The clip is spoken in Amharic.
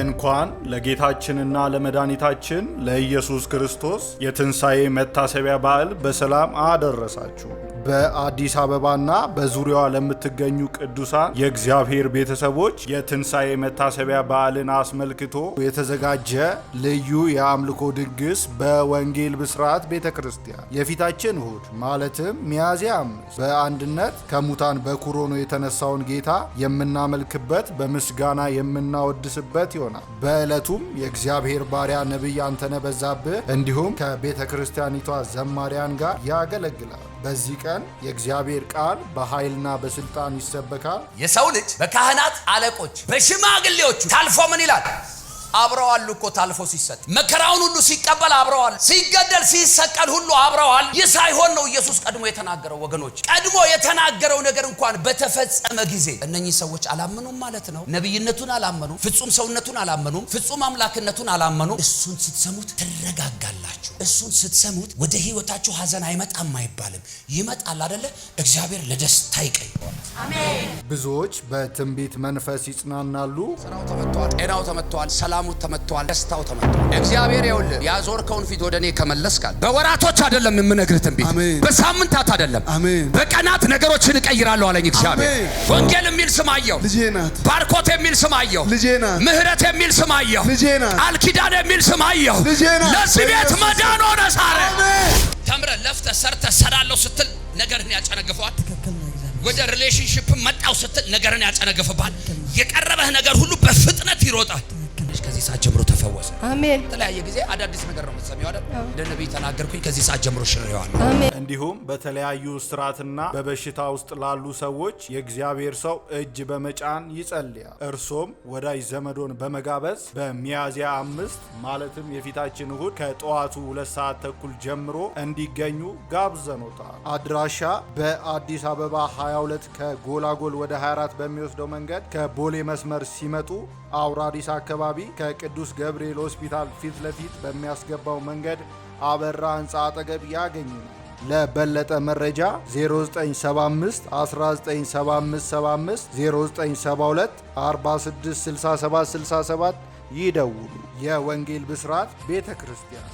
እንኳን ለጌታችንና ለመድኃኒታችን ለኢየሱስ ክርስቶስ የትንሣኤ መታሰቢያ በዓል በሰላም አደረሳችሁ። በአዲስ አበባና በዙሪያዋ ለምትገኙ ቅዱሳን የእግዚአብሔር ቤተሰቦች የትንሣኤ መታሰቢያ በዓልን አስመልክቶ የተዘጋጀ ልዩ የአምልኮ ድግስ በወንጌል ብስራት ቤተ ክርስቲያን የፊታችን እሁድ ማለትም ሚያዝያ አምስት በአንድነት ከሙታን በኩር ሆኖ የተነሳውን ጌታ የምናመልክበት በምስጋና የምናወድስበት ይሆናል። በዕለቱም የእግዚአብሔር ባሪያ ነቢይ አንተነህ በዛብህ እንዲሁም ከቤተ ክርስቲያኒቷ ዘማሪያን ጋር ያገለግላል። በዚህ ቀን ቀን የእግዚአብሔር ቃል በኃይልና በስልጣን ይሰበካል። የሰው ልጅ በካህናት አለቆች፣ በሽማግሌዎቹ ታልፎ ምን ይላል? አብረዋል ልኮ እኮ ታልፎ ሲሰጥ መከራውን ሁሉ ሲቀበል አብረዋል። ሲገደል ሲሰቀል ሁሉ አብረዋል። ይህ ሳይሆን ነው ኢየሱስ ቀድሞ የተናገረው። ወገኖች ቀድሞ የተናገረው ነገር እንኳን በተፈጸመ ጊዜ እነኚህ ሰዎች አላመኑም ማለት ነው። ነቢይነቱን አላመኑም፣ ፍጹም ሰውነቱን አላመኑም፣ ፍጹም አምላክነቱን አላመኑም። እሱን ስትሰሙት ትረጋጋላችሁ። እሱን ስትሰሙት ወደ ህይወታችሁ ሀዘን አይመጣም አይባልም። ይመጣል አደለ? እግዚአብሔር ለደስታ ይቀይረዋል። ብዙዎች በትንቢት መንፈስ ይጽናናሉ። ስራው ተመትተዋል፣ ጤናው ተመትተዋል፣ ሰላም ሰላሙ ተመቷል፣ ደስታው ተመቷል። እግዚአብሔር ይኸውልህ ያዞርከውን ፊት ወደ እኔ ከመለስካል በወራቶች አይደለም የምነግርህ ትንቢት፣ በሳምንታት አይደለም በቀናት ነገሮችን እቀይራለሁ አለኝ እግዚአብሔር። ወንጌል የሚል ስም አየሁ፣ ባርኮት የሚል ስም አየሁ፣ ምህረት የሚል ስም አየሁ፣ ቃል ኪዳን የሚል ስም አየሁ። ለዚህ ቤት መዳን ሆነ። ሳረ ተምረ ለፍተ ሰርተ ሰራለሁ ስትል ነገርህን ያጨነግፈዋል። ወደ ሪሌሽንሽፕ መጣው ስትል ነገርን ያጨነገፈባል። የቀረበህ ነገር ሁሉ በፍጥነት ይሮጣል። Ich kann ከዚህ ሰዓት ጀምሮ ተፈወሰ። አሜን። የተለያየ ጊዜ አዳዲስ ነገር ነው የምትሰሚው አይደል? እንደ ነቢይ ተናገርኩኝ ከዚህ ሰዓት ጀምሮ ሽሬዋለሁ። አሜን። እንዲሁም በተለያዩ ስራትና በበሽታ ውስጥ ላሉ ሰዎች የእግዚአብሔር ሰው እጅ በመጫን ይጸልያል። እርሶም ወዳጅ ዘመዶን በመጋበዝ በሚያዝያ አምስት ማለትም የፊታችን እሁድ ከጠዋቱ ሁለት ሰዓት ተኩል ጀምሮ እንዲገኙ ጋብዘኖታል። አድራሻ በአዲስ አበባ 22 ከጎላጎል ወደ 24 በሚወስደው መንገድ ከቦሌ መስመር ሲመጡ አውራዲስ አካባቢ ከ6 ከቅዱስ ገብርኤል ሆስፒታል ፊት ለፊት በሚያስገባው መንገድ አበራ ህንፃ አጠገብ ያገኙ። ለበለጠ መረጃ 0975 197575 0972 ይደውሉ። የወንጌል ብስራት ቤተ ክርስቲያን